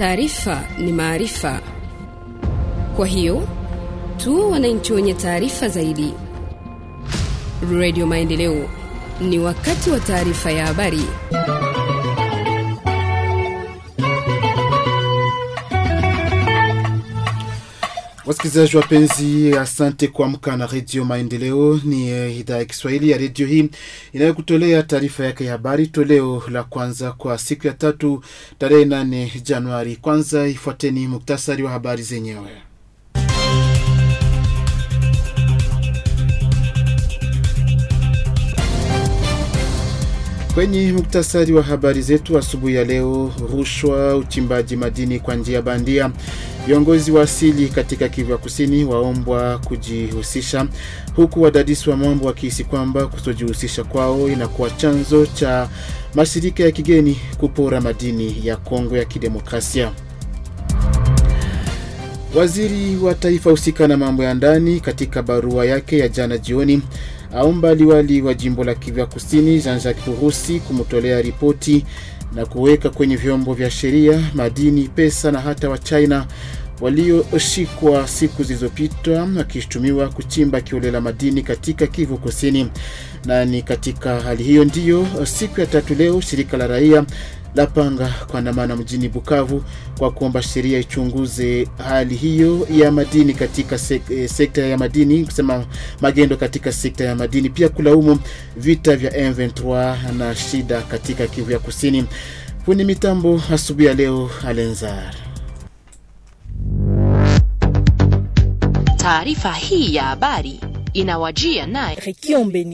Taarifa ni maarifa, kwa hiyo tu wananchi wenye taarifa zaidi. Redio Maendeleo, ni wakati wa taarifa ya habari. Wasikilizaji wapenzi, asante kuamka na Redio Maendeleo. Ni eh, idhaa ya Kiswahili ya redio hii inayokutolea taarifa yake ya habari, toleo la kwanza kwa siku ya tatu tarehe 8 Januari. Kwanza ifuateni muktasari wa habari zenyewe. Kwenye muktasari wa habari zetu asubuhi ya leo, rushwa, uchimbaji madini kwa njia bandia Viongozi wa asili katika Kivu Kusini waombwa kujihusisha, huku wadadisi wa mambo wakihisi kwamba kutojihusisha kwao inakuwa chanzo cha mashirika ya kigeni kupora madini ya Kongo ya Kidemokrasia. Waziri wa taifa husika na mambo ya ndani katika barua yake ya jana jioni aomba liwali wa jimbo la Kivu Kusini Jean-Jacques Purusi kumtolea ripoti na kuweka kwenye vyombo vya sheria madini, pesa na hata wa china walioshikwa siku zilizopita wakishutumiwa kuchimba kiolela madini katika Kivu Kusini. Na ni katika hali hiyo ndiyo siku ya tatu leo shirika la raia lapanga kuandamana mjini Bukavu kwa kuomba sheria ichunguze hali hiyo ya madini katika sek eh, sekta ya madini, kusema magendo katika sekta ya madini, pia kulaumu vita vya M23 na shida katika Kivu ya Kusini. Kwenye mitambo asubuhi ya leo Alenzar. Taarifa hii ya habari inawajia naye Rekiombe.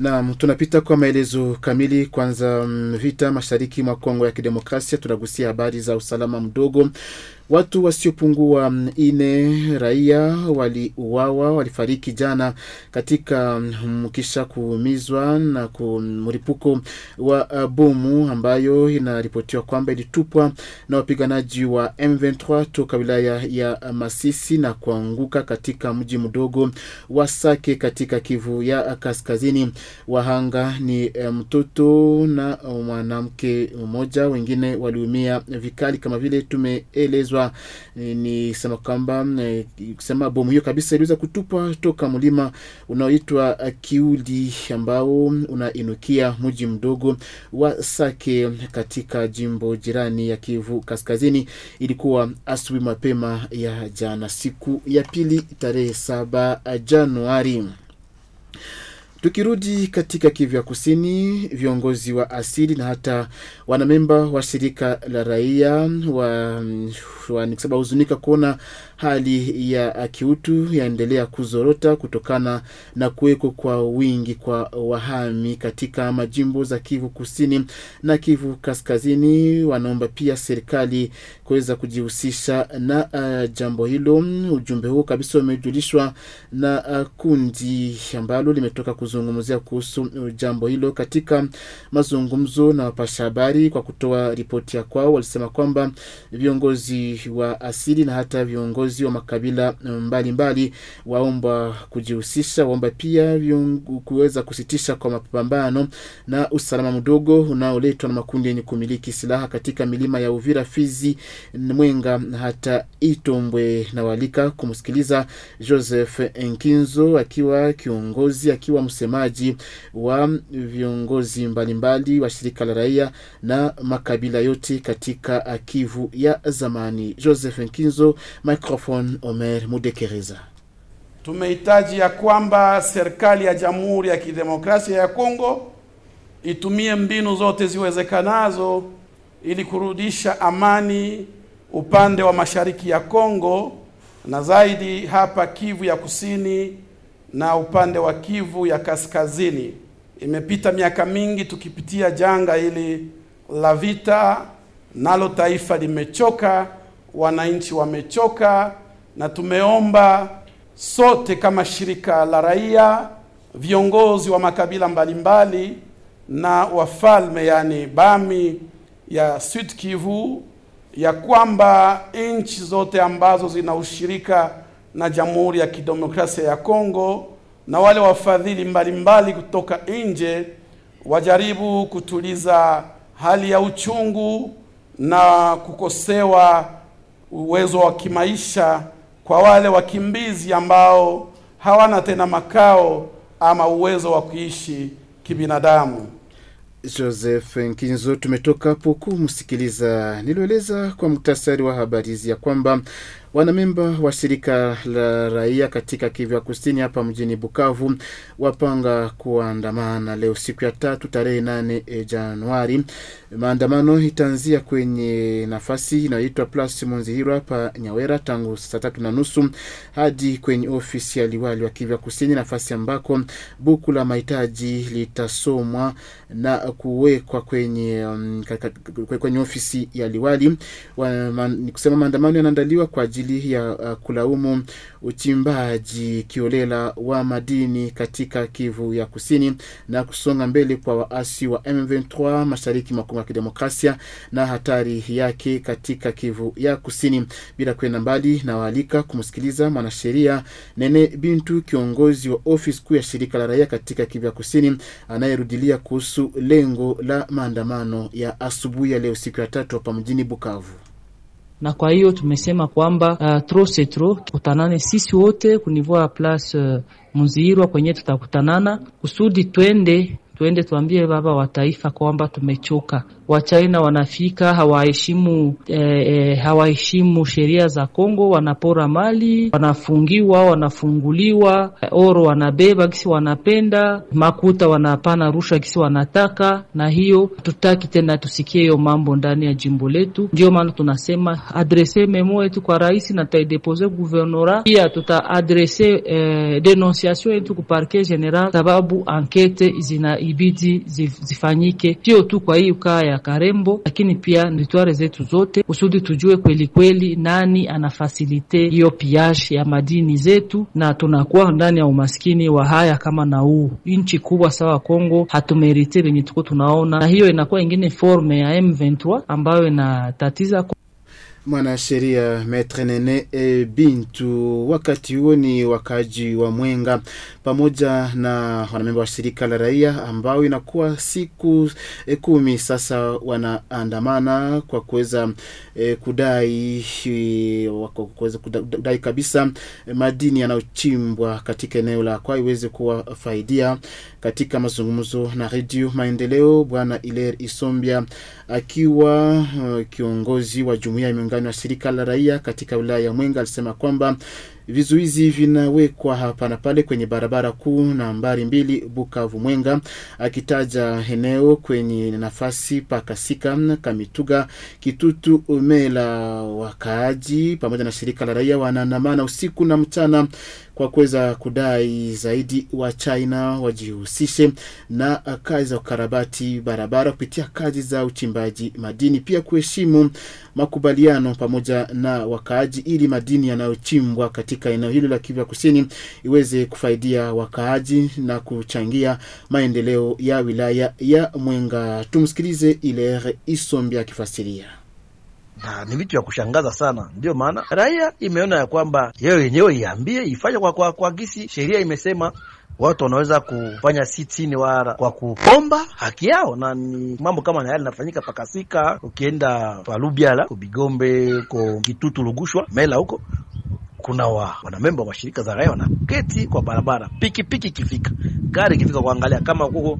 Naam, tunapita kwa maelezo kamili. Kwanza, mm, vita mashariki mwa Kongo ya Kidemokrasia, tunagusia habari za usalama mdogo Watu wasiopungua mm, ine raia waliuawa, walifariki jana katika mkisha mm, kuumizwa na kumripuko wa uh, bomu ambayo inaripotiwa kwamba ilitupwa na wapiganaji wa M23 toka wilaya ya Masisi na kuanguka katika mji mdogo wa Sake katika Kivu ya Kaskazini. Wahanga ni eh, mtoto na mwanamke mmoja, wengine waliumia vikali kama vile tumeelezwa kwamba e, eh, ni sema kwamba e, kusema bomu hiyo kabisa iliweza kutupa toka mlima unaoitwa eh, Kiuli ambao unainukia mji mdogo wa Sake katika jimbo jirani ya Kivu Kaskazini. Ilikuwa asubuhi mapema ya jana, siku ya pili, tarehe saba Januari. Tukirudi katika Kivya Kusini, viongozi wa asili na hata wanamemba wa shirika la raia wanahuzunika kuona hali ya kiutu yaendelea kuzorota kutokana na kuweko kwa wingi kwa wahami katika majimbo za Kivu Kusini na Kivu Kaskazini. Wanaomba pia serikali kuweza kujihusisha na uh, jambo hilo. Ujumbe huo kabisa umejulishwa na uh, kundi ambalo limetoka kuzungumzia kuhusu jambo hilo katika mazungumzo na wapasha habari. Kwa kutoa ripoti ya kwao, walisema kwamba viongozi wa asili na hata viongozi viongozi wa makabila eh, mbalimbali mbali, waomba kujihusisha, waomba pia kuweza kusitisha kwa mapambano na usalama mdogo unaoletwa na makundi yenye kumiliki silaha katika milima ya Uvira, Fizi, Mwenga hata Itombwe. Na walika kumsikiliza Joseph Enkinzo akiwa kiongozi akiwa msemaji wa viongozi mbalimbali wa shirika la raia na makabila yote katika Kivu ya zamani. Joseph Enkinzo microphone Afwan Omer Mudekereza. Tumehitaji ya kwamba serikali ya Jamhuri ya Kidemokrasia ya Kongo itumie mbinu zote ziwezekanazo ili kurudisha amani upande wa mashariki ya Kongo na zaidi hapa Kivu ya Kusini na upande wa Kivu ya Kaskazini. Imepita miaka mingi tukipitia janga hili la vita, nalo taifa limechoka wananchi wamechoka, na tumeomba sote kama shirika la raia, viongozi wa makabila mbalimbali mbali, na wafalme yani Bami ya Sud Kivu ya kwamba nchi zote ambazo zina ushirika na Jamhuri ya Kidemokrasia ya Kongo na wale wafadhili mbalimbali kutoka nje wajaribu kutuliza hali ya uchungu na kukosewa uwezo wa kimaisha kwa wale wakimbizi ambao hawana tena makao ama uwezo wa kuishi kibinadamu. Joseph Nkinzo, tumetoka hapo kumsikiliza nilieleza kwa muktasari wa habari hizi ya kwamba Wanamemba wa shirika la raia katika Kivu Kusini hapa mjini Bukavu wapanga kuandamana leo siku ya tatu tarehe nane e, Januari. Maandamano itaanzia kwenye nafasi inayoitwa Place Munzihirwa hapa Nyawera tangu saa tatu na nusu hadi kwenye ofisi ya liwali wa Kivu Kusini, nafasi ambako buku la mahitaji litasomwa na kuwekwa kwenye, um, kwenye ofisi ya liwali. Ni kusema maandamano yanaandaliwa kwa ajili ajili ya uh, kulaumu uchimbaji kiolela wa madini katika Kivu ya Kusini na kusonga mbele kwa waasi wa M23 mashariki mwa Kongo ya Kidemokrasia na hatari yake katika Kivu ya Kusini. Bila kwenda mbali, nawaalika kumsikiliza mwanasheria Nene Bintu, kiongozi wa ofisi kuu ya shirika la raia katika Kivu ya Kusini, anayerudilia kuhusu lengo la maandamano ya asubuhi ya leo siku ya tatu hapa mjini Bukavu na kwa hiyo tumesema kwamba uh, tro tro tukutanane sisi wote kunivua place uh, Muzihirwa kwenye tutakutanana kusudi twende twende tuambie baba wa taifa kwamba tumechoka. Wachina wanafika hawaheshimu e, hawaheshimu sheria za Kongo, wanapora mali, wanafungiwa, wanafunguliwa, oro wanabeba kisi wanapenda, makuta wanapana rushwa kisi wanataka, na hiyo tutaki tena tusikie hiyo mambo ndani ya jimbo letu. Ndio maana tunasema adrese memo yetu kwa rais na taidepose guvernora, pia tutaadrese e, eh, denonciation yetu ku parquet general, sababu ankete zinaibidi zif, zifanyike, sio tu kwa hii kaya Karembo, lakini pia nitware zetu zote kusudi tujue kweli kweli nani anafasilite hiyo piashi ya madini zetu, na tunakuwa ndani ya umaskini wa haya kama na huu nchi kubwa sawa Kongo, hatumerite venye tuko tunaona, na hiyo inakuwa ingine forme ya M23 ambayo inatatiza mwanasheria Metre Nene e Bintu. Wakati huo ni wakaji wa Mwenga pamoja na wanamemba wa shirika la raia ambao inakuwa siku e, kumi sasa wanaandamana kwa kuweza e, kudai kwa eh, kuweza kudai kabisa e, madini yanayochimbwa katika eneo la kwa iweze kuwafaidia. Katika mazungumzo na Radio Maendeleo, bwana Iler Isombia akiwa kiongozi wa jumuiya ya muungano wa shirika la raia katika wilaya ya Mwenga alisema kwamba Vizuizi vinawekwa hapa na pale kwenye barabara kuu nambari mbili Bukavu Mwenga, akitaja eneo kwenye nafasi Pakasika, Kamituga, Kitutu, Umela. Wakaaji pamoja na shirika la raia wanaandamana usiku na mchana kwa kuweza kudai zaidi wa China wajihusishe na kazi za ukarabati barabara kupitia kazi za uchimbaji madini, pia kuheshimu makubaliano pamoja na wakaaji ili madini yanayochimbwa katika katika eneo hili la Kivu Kusini iweze kufaidia wakaaji na kuchangia maendeleo ya wilaya ya Mwenga. Tumsikilize Ilere Isombi akifasiria. Na, ni vitu vya kushangaza sana. ndio maana raia imeona ya kwamba yeye yenyewe iambie ifanye kwa, kwa, kwa gisi sheria imesema watu wanaweza kufanya si wara kwa kupomba haki yao, na ni mambo kama na yale nafanyika pakasika, ukienda palubiala, kubigombe ko kitutu lugushwa mela huko kuna wa wanamemba wa shirika za raia wanaketi kwa barabara, pikipiki ikifika, gari ikifika, kuangalia kama huko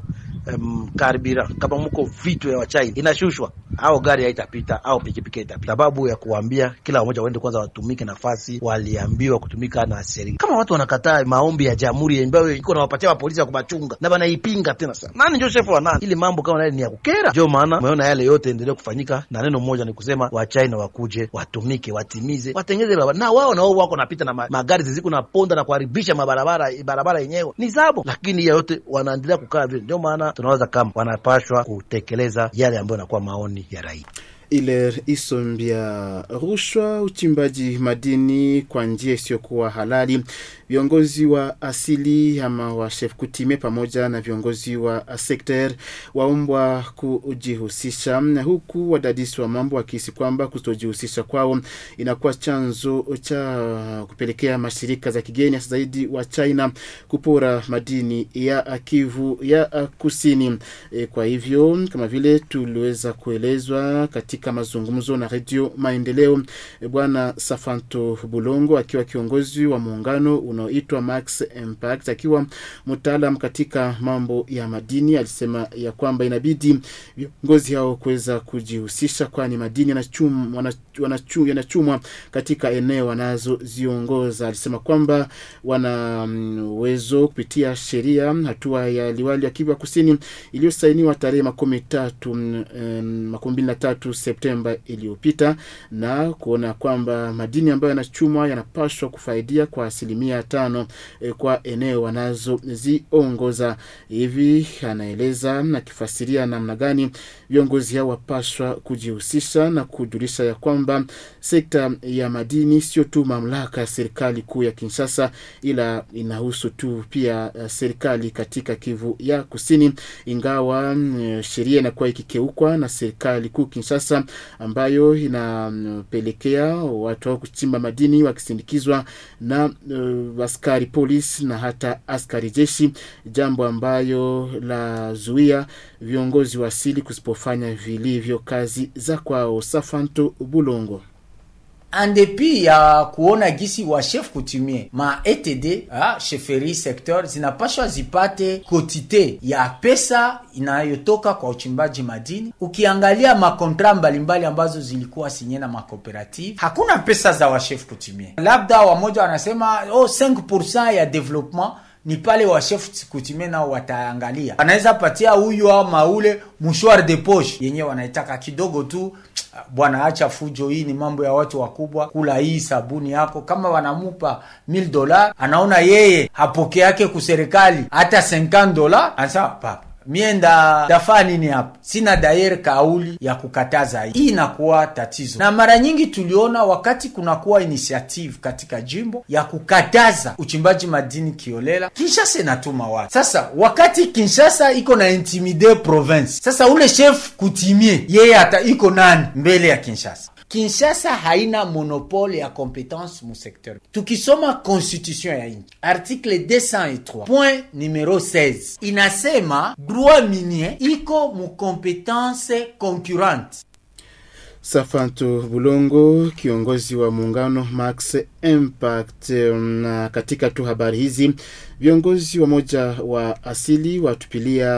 um, karibira kama mko vitu ya wachaini inashushwa, au gari haitapita au pikipiki haitapita. Sababu ya kuambia kila mmoja waende kwanza watumike nafasi waliambiwa kutumika na serikali. Kama watu wanakataa maombi ya jamhuri ambayo iko nawapatia wapolisi polisi ya kubachunga na wanaipinga tena sana, nani Joseph wa nani? Ili mambo kama nani ni ya kukera. Ndio maana umeona yale yote endelee kufanyika, na neno moja ni kusema wachaina wakuje watumike, watimize, watengeze baba na wao wao wako napita na magari ziziko na ponda na kuharibisha mabarabara, barabara yenyewe ni zabo, lakini yote wanaendelea kukaa vile. Ndio maana tunawaza tunaweza kama wanapashwa kutekeleza yale ambayo yanakuwa maoni ya raia. Ile isombia rushwa, uchimbaji madini kwa njia isiyokuwa halali viongozi wa asili ama wa chef kutime pamoja na viongozi wa sekter waombwa kujihusisha, huku wadadisi wa mambo wakihisi kwamba kutojihusisha kwao inakuwa chanzo cha kupelekea mashirika za kigeni hasa zaidi wa China kupora madini ya Kivu ya Kusini. E, kwa hivyo kama vile tuliweza kuelezwa katika mazungumzo na Radio Maendeleo, e, bwana Safanto Bulongo akiwa kiongozi wa muungano unaoitwa Max Impact, akiwa mtaalam katika mambo ya madini, alisema ya kwamba inabidi viongozi hao kuweza kujihusisha, kwani madini yanachumwa yanachumwa katika eneo wanazoziongoza. Alisema kwamba wana mm, uwezo kupitia sheria, hatua ya liwali ya Kivu Kusini iliyosainiwa tarehe makumi tatu mm, makumi mbili na tatu Septemba iliyopita na kuona kwamba madini ambayo yanachumwa yanapaswa kufaidia kwa asilimia tano e, kwa eneo wanazoziongoza. Hivi anaeleza akifasiria namna gani viongozi hao wapaswa kujihusisha na kujulisha ya kwamba sekta ya madini sio tu mamlaka ya serikali kuu ya Kinshasa, ila inahusu tu pia e, serikali katika Kivu ya Kusini, ingawa e, sheria inakuwa ikikeukwa na serikali kuu Kinshasa, ambayo inapelekea watu hao kuchimba madini wakisindikizwa na uh, askari polisi na hata askari jeshi, jambo ambayo lazuia viongozi wa asili kusipofanya vilivyo kazi za kwao. Safanto Bulongo dépit ya kuona gisi wa chef coutumier ma ETD ha, ah, sheferi sektor zinapashwa zipate kotite ya pesa inayotoka kwa uchimbaji madini. Ukiangalia makontra mbalimbali ambazo zilikuwa sinye na makooperative, hakuna pesa za washef coutumier labda wamoja wanasema oh, 5% ya development ni pale washefu kutime nao wataangalia, anaweza patia huyu au maule mshwar de poche yenyewe wanaitaka kidogo tu. Ah, bwana, acha fujo hii, ni mambo ya watu wakubwa. Kula hii sabuni yako, kama wanamupa 1000 dola, anaona yeye hapoke yake kuserikali hata 50 dola, papa mienda dafaa nini hapa? Sina dayere kauli ya kukataza hii, inakuwa tatizo. Na mara nyingi tuliona wakati kunakuwa initiative katika jimbo ya kukataza uchimbaji madini kiolela, Kinshasa inatuma watu sasa. Wakati Kinshasa iko na intimide province sasa, ule chef kutimie yeye hata iko nani mbele ya Kinshasa Kinshasa haina monopole ya kompetence mu sector. Tukisoma constitution ya article 203 point numero 16 inasema droit minier iko mu kompetence concurrente. Safantu Bulongo, kiongozi wa muungano Max Impact. Um, na katika tu habari hizi, viongozi wa moja wa asili watupilia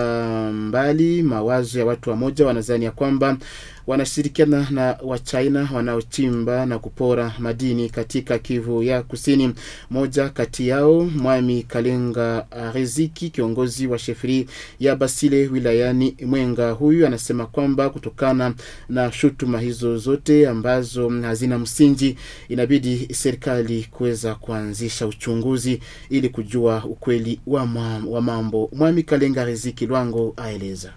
mbali mawazo ya watu wa moja, wanadhani ya kwamba wanashirikiana na Wachina wanaochimba na kupora madini katika Kivu ya Kusini. Moja kati yao Mwami Kalenga Riziki, kiongozi wa shefri ya Basile wilayani Mwenga, huyu anasema kwamba kutokana na shutuma hizo zote ambazo hazina msingi, inabidi serikali serikali kuweza kuanzisha uchunguzi ili kujua ukweli wa mambo. Mwami Kalenga Riziki Lwango aeleza.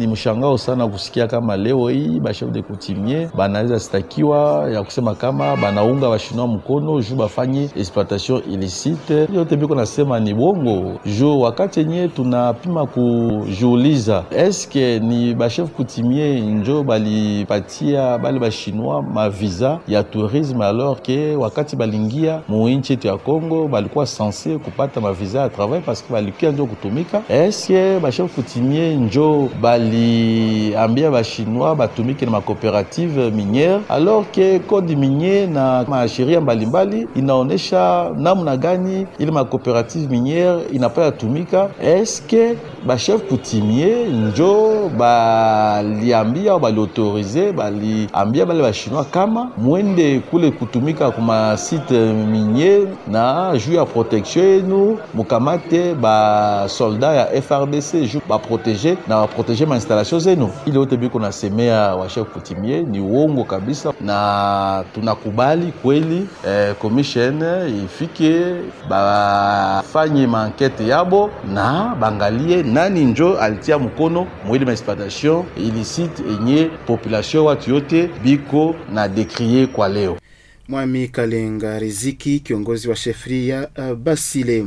Ni mshangao sana kusikia kama leo hii bashef de coutumier banaweza stakiwa ya kusema kama banaunga bashinoa mkono juu bafanye exploitation illicite. Yote biko nasema ni bongo jo, wakati yenyewe tunapima kujiuliza, eske ni bashef kutimie njo balipatia bale bashinoa mavisa ya tourisme, alors ke wakati balingia muinchi yetu ya Congo balikuwa sense kupata mavisa ya travail, parce que balikia njo kutumika. Eske bashef kutimie njo bali aliambia bashinwa batumike na makooperative miniere alors ke kodi minye na en mbalimbali inaonesha namna gani ile makooperative miniere inapaya tumika. Eske bashef kutimie njo baliambia au baliautorize baliambia bale bashinwa kama mwende kule kutumika kuma site minier na juu ya protection yenu mukamate soldat ya FRDC juu baprotege na baprotege instalasio zenu. Ile yote biko nasemea washe kutimie ni uongo kabisa, na tunakubali kweli eh, commission ifike bafanye maankete yabo na bangalie nani njo alitia mkono mwili maexploitation ilisite enye population watu yote biko na dekrie kwa leo. Mwami Kalenga Riziki, kiongozi wa shefria uh, eh, Basile.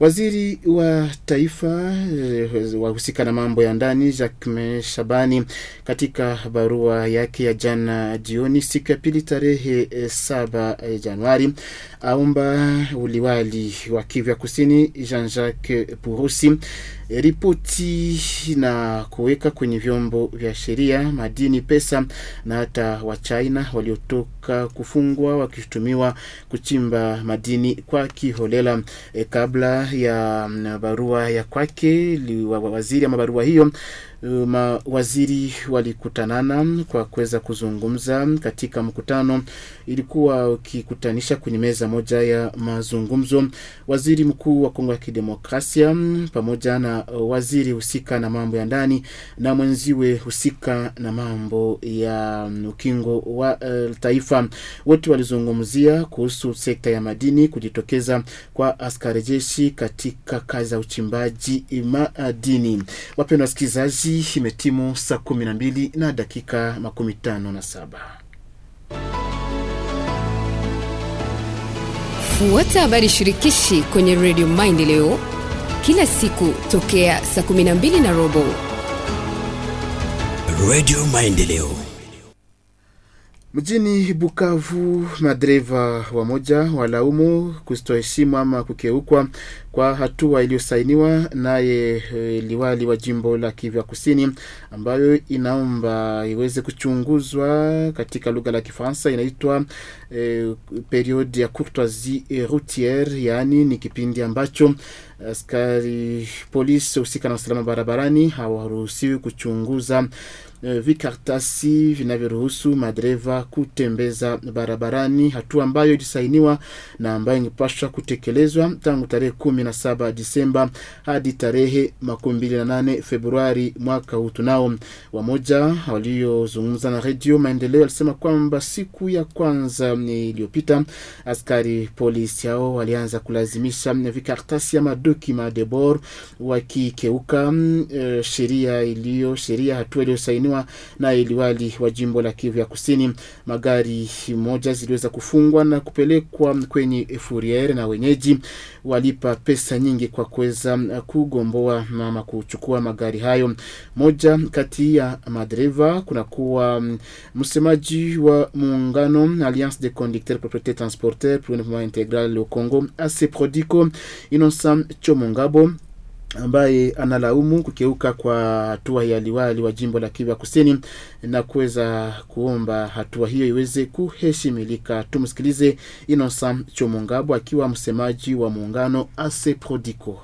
Waziri wa taifa eh, wahusika na mambo ya ndani Jacques Shabani, katika barua yake ya jana jioni, siku ya pili, tarehe eh, saba eh, Januari, aomba uliwali wa Kivu ya Kusini Jean Jacques Purusi ripoti na kuweka kwenye vyombo vya sheria madini, pesa na hata Wachina waliotoka kufungwa wakishutumiwa kuchimba madini kwa kiholela. E, kabla ya mm, barua ya kwake waziri ama barua hiyo Eh, mawaziri walikutanana kwa kuweza kuzungumza katika mkutano ilikuwa ukikutanisha kwenye meza moja ya mazungumzo waziri mkuu wa Kongo ya Kidemokrasia pamoja na waziri husika na mambo ya ndani na mwenziwe husika na mambo ya ukingo wa uh, taifa. Wote walizungumzia kuhusu sekta ya madini, kujitokeza kwa askari jeshi katika kazi za uchimbaji madini. Wapendwa wasikilizaji imetimu saa 12 na dakika makumi tano na saba. Fuata habari shirikishi kwenye redio Maendeleo kila siku tokea saa 12 na robo. Redio Maendeleo Mjini Bukavu madereva wamoja walaumu kustoheshimu ama kukeukwa kwa hatua iliyosainiwa naye eh, liwali wa jimbo la Kivu Kusini, ambayo inaomba iweze kuchunguzwa katika lugha la Kifaransa inaitwa e, periode ya courtoisie routiere, yaani ni kipindi ambacho askari polisi husika na usalama barabarani hawaruhusiwi kuchunguza Eh, vikartasi vinavyoruhusu madereva kutembeza barabarani, hatua ambayo ilisainiwa na ambayo ingepashwa kutekelezwa tangu tarehe 17 Disemba hadi tarehe 28 Februari mwaka huu. Tunao wamoja waliozungumza na Redio Maendeleo alisema kwamba siku ya kwanza eh, iliyopita askari polisi hao walianza kulazimisha eh, vikartasi ya madokima debor wakikeuka uh, sheria iliyo sheria hatua iliyosainiwa kusainiwa na iliwali wa jimbo la Kivu ya Kusini. Magari moja ziliweza kufungwa na kupelekwa kwenye furiere na wenyeji walipa pesa nyingi kwa kuweza kugomboa mama kuchukua magari hayo. Moja kati ya madereva kunakuwa mm, msemaji wa muungano Alliance des conducteurs proprietaires transporteurs pour une Integral au Congo, ACPRODICO, Innocent Chomongabo ambaye analaumu kukeuka kwa hatua ya liwali wa jimbo la Kivu Kusini na kuweza kuomba hatua hiyo iweze kuheshimilika. Tumsikilize Inosa Chomongabo akiwa msemaji wa muungano Ase Prodico.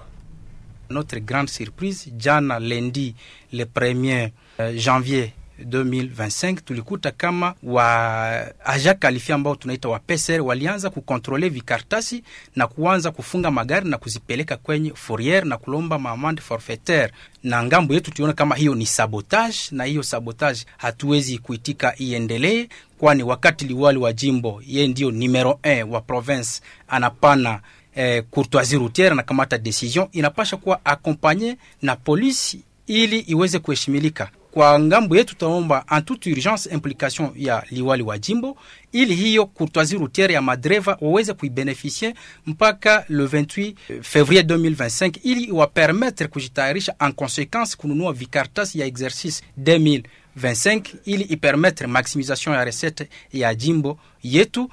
Notre grande surprise jana lendi le premier euh, janvier 2025 tulikuta kama wa aja kalifi ambao tunaita wa PCR walianza kukontrole vikartasi na kuanza kufunga magari na kuzipeleka kwenye fourier na kulomba maamande forfaitaire. Na ngambo yetu tuliona kama hiyo ni sabotage, na hiyo sabotage hatuwezi kuitika iendelee, kwani wakati liwali wa jimbo ye ndio numero 1 wa province anapana eh, courtoisie routière anakamata decision, inapasha kuwa akompanye na polisi ili iweze kuheshimilika. Kwa ngambo yetu tutaomba en toute urgence implication ya liwali wa jimbo ili hiyo courtoisie routière ya madreva waweze kuibeneficie mpaka le 28 février 2025 ili iwapermettre kujitayarisha en conséquence kununua vikartasi ya exercice 2025 ili ipermettre maximisation ya recette ya jimbo yetu.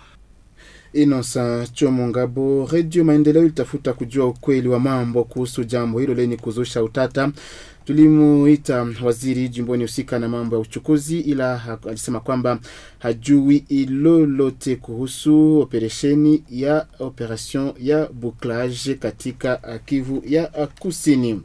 Inosa Chomo Ngabo, Redio Maendeleo ilitafuta kujua ukweli wa mambo kuhusu jambo hilo lenye kuzusha utata Tulimuita waziri jimboni husika na mambo ya uchukuzi, ila alisema kwamba hajui ilolote kuhusu operesheni ya operation ya buklage katika Kivu ya Kusini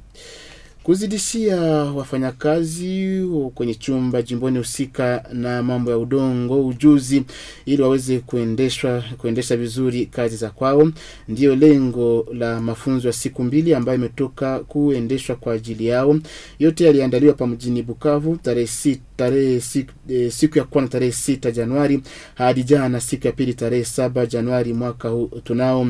kuzidishia wafanyakazi kwenye chumba jimboni husika na mambo ya udongo ujuzi ili waweze kuendeshwa kuendesha vizuri kazi za kwao. Ndiyo lengo la mafunzo ya siku mbili ambayo imetoka kuendeshwa kwa ajili yao. Yote yaliandaliwa pa mjini Bukavu tarehe tarehe siku, eh, siku ya kwanza tarehe sita Januari hadi jana siku ya pili tarehe saba Januari mwaka huu tunao.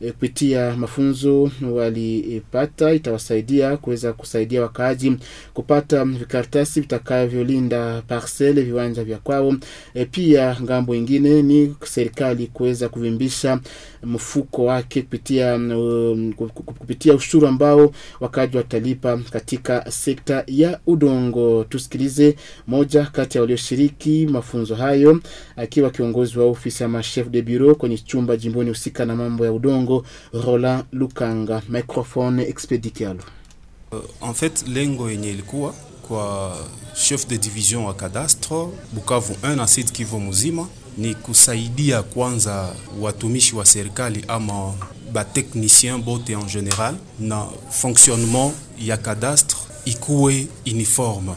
Eh, kupitia mafunzo walipata itawasaidia kuweza kusaidia wakaaji kupata vikaratasi vitakavyolinda parcele viwanja vya kwao. E, pia ngambo ingine ni serikali kuweza kuvimbisha mfuko wake kupitia, um, kupitia ushuru ambao wakaaji watalipa katika sekta ya udongo. Tusikilize moja kati ya walioshiriki mafunzo hayo akiwa kiongozi wa ofisi ya chef de bureau kwenye chumba jimboni husika na mambo ya udongo, Roland Lukanga. Microphone expedikialo Euh, en fait, lengo yenye ilikuwa kwa chef de division wa cadastre, Bukavu 1 asid Kivu mzima ni kusaidia kwanza watumishi wa serikali ama ba technicien bote en général, na fonctionnement ya cadastre. ikuwe uniforme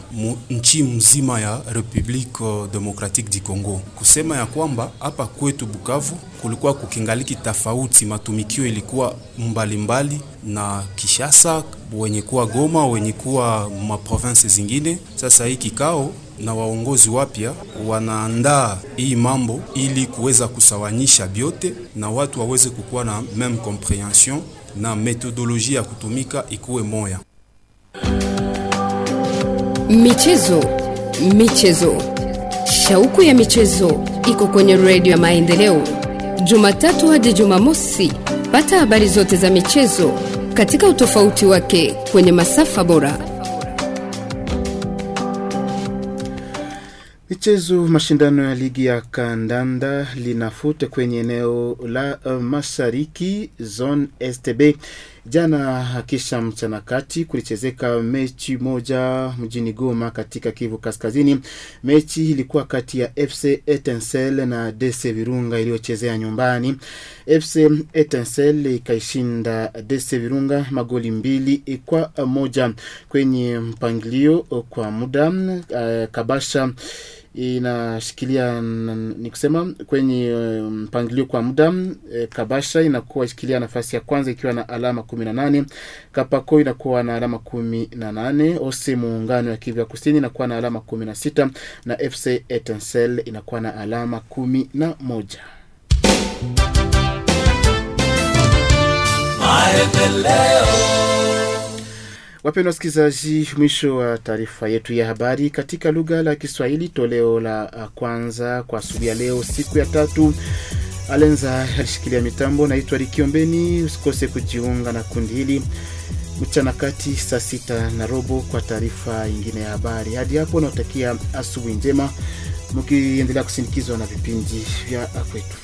nchi mzima ya Republique Democratique du Congo, kusema ya kwamba hapa kwetu Bukavu kulikuwa kukingaliki tofauti, matumikio ilikuwa mbalimbali mbali, na Kishasa wenye kuwa Goma, wenye kuwa maprovince zingine. Sasa hii kikao na waongozi wapya wanaandaa hii mambo ili kuweza kusawanyisha biote na watu waweze kukuwa na meme comprehension na metodolojia ya kutumika ikuwe moya. Michezo, michezo, shauku ya michezo iko kwenye redio ya Maendeleo, Jumatatu hadi Jumamosi. Pata habari zote za michezo katika utofauti wake kwenye masafa bora. Michezo, mashindano ya ligi ya kandanda linafute kwenye eneo la uh, mashariki zone STB Jana kisha mchana kati kulichezeka mechi moja mjini Goma katika Kivu Kaskazini. Mechi ilikuwa kati ya FC Etincel na DC Virunga iliyochezea nyumbani. FC Etincel ikaishinda DC Virunga magoli mbili kwa moja kwenye mpangilio kwa muda uh, Kabasha inashikilia ni kusema kwenye um, mpangilio kwa muda e, Kabasha inakuwa ishikilia nafasi ya kwanza ikiwa na alama kumi na nane. Kapako inakuwa na alama kumi na nane. Ose muungano ya kivya Kusini inakuwa na alama kumi na sita na FC etensel inakuwa na alama kumi na moja. Wapendwa wasikilizaji, mwisho wa taarifa yetu ya habari katika lugha la Kiswahili toleo la uh, kwanza kwa asubuhi ya leo, siku ya tatu. Alenza alishikilia mitambo, naitwa Likiombeni. Usikose kujiunga na kundi hili mchana kati saa sita na robo kwa taarifa ingine ya habari. Hadi hapo, unaotakia asubuhi njema, mkiendelea kusindikizwa na vipindi vya kwetu.